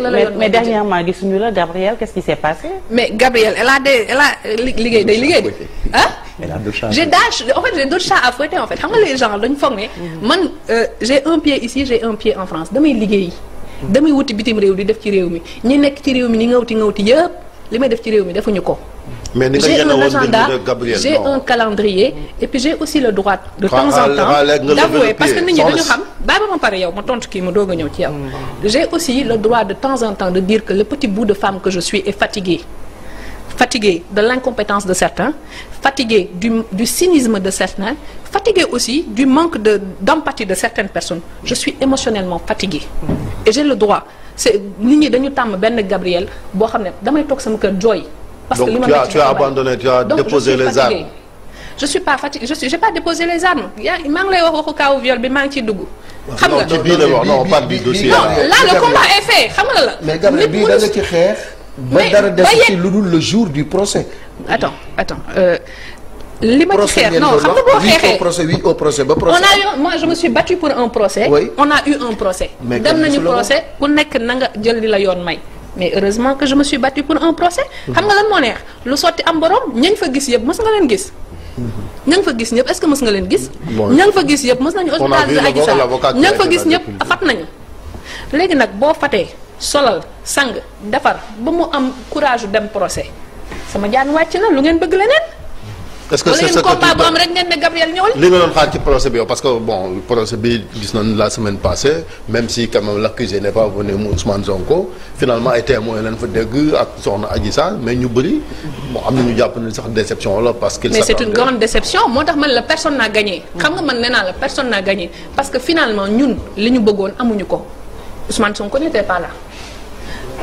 mais, mais dernièrement gisuñu la Gabrielle qu'est-ce qui s'est passé. mais Gabrielle elle a des euh, liggéey day liggéey de ah. j'ai dash en fait j'ai d'autres chats à fouetter en fait xam nga les gens dañu foog ne. Mm-hmm. man euh, j'ai un pied ici j'ai un pied en France damay liggéeyi. damay wuti bitim réew di def ci réew mi ñi nekk ci réew mi ni nga ngawti ngawti yëpp li may def ci réew mi defuñu ko. mais ni j'ai un agenda j'ai un calendrier et puis j'ai aussi le droit de temps en temps d'avouer parce que nit ñi dañu xam bàyyi ba ma de temps en temps de dire que le petit bout de femme que je suis est fatigué de l'incompétence de certains fatigué du cynisme de certains fatigué aussi du manque de d'empathie de certaines personnes je suis émotionnellement fatigué et j'ai le droit c'est nit ñi dañu tàmm benn Gabriel boo xam ne damay toog sama kër jooy parce que li ma tu as tu as abandonné tu as Donc, déposé les armes je suis pas fatiguée je suis j'ai pas déposé les armes yaa maa wax waxu kaawu bi maa ngi ciy xam nga non le combat est xam nga la. mais Gabriel ci xeex. ba dara def ci lu dul le jour du procès. attends attends euh, li ma ci xeex non xam nga boo xeexee procès oui au procès ba procès. on a eu moi je me suis battue pour un procès. on a eu un procès. dem nañu procès ku nekk na nga jël di la yoon may. mais heureusement que je me suis battue pour un procès xam nga lan moo neex lu sotti am borom ñañ fa gis yëpp mës nga leen gis ña fa gis ñëpp est-ce que mës nga leen gis ña nga fa gis yëpp mës nañu hospitalisé Adji Sarr ña nga fa gis ñëpp fat nañu léegi nag boo fatee solal sang defar ba mu am courage dem procès sama jaan wàcc na lu ngeen bëgg leneen est-ce que c'est ça combat bu am rek ngeen Gabriel ñëwal li nga doon xaar ci procès bi yow parce que bon procès bi gis nañ la semaine passée même si quand même l'accusé n'est pas venu mu Ousmane Sonko finalement ay témoins dégg ak soxna Adji Sarr mais ñu bëri am na ñu jàpp ne sax déception la parce que mais c'est une grande déception moo tax man la personne n'a gagné xam nga man nee naa la personne n'a gagné parce que finalement ñun li ñu bëggoon amuñu ko Ousmane Sonko n'était pas là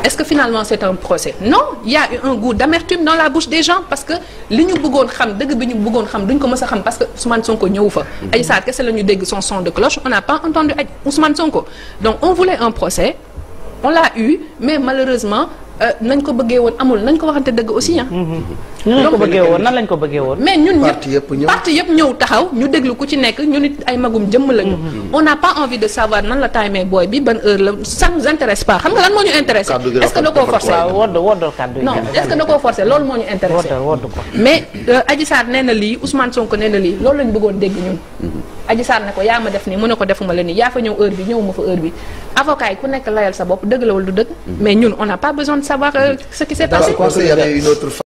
est-ce que finalement c'est un procès non il y a eu un goût d'amertume dans la bouche des gens parce que li ñu bëggoon xam dëgg bi ñu bëggoon xam duñ ko mës a xam parce que Ousmane Sonko ñëw fa. Mhm. Adji Sarr kese la ñu dégg son son de cloche on n'a pas entendu Ousmane Sonko donc on voulait un procès on l'a eu mais malheureusement. Euh, nañ ko bëggee woon amul nañ ko waxante dëgg aussi ah. Mm-hmm. nan lañ ko bëggee woon nan lañ ko bëggee woon. mais ñun ñëpp parti yëpp ñëw taxaw ñu déglu ku ci nekk ñu nit ay magum jëmm lañu. Mm-hmm. on n'a pas envie de savoir nan la timé booy bi ban heure la ça nous intéresse pas xam nga lan moo ñu intéressé. est ce que forcé loolu moo ñu intéressé. mais euh, Adji Sarr lii Ousmane Sonko nee na lii loolu lañ bëggoon dégg ñun mm-hmm. Adji Sarr ne ko yaa ma def nii mu ne ko defuma la nii yaa fa ñëw heure bi ñëwuma fa heure bi avocat ku nekk layal sa bopp dëgg la wala dëgg mais ñun on n'a pas besoin de euh, ce qui s'est passé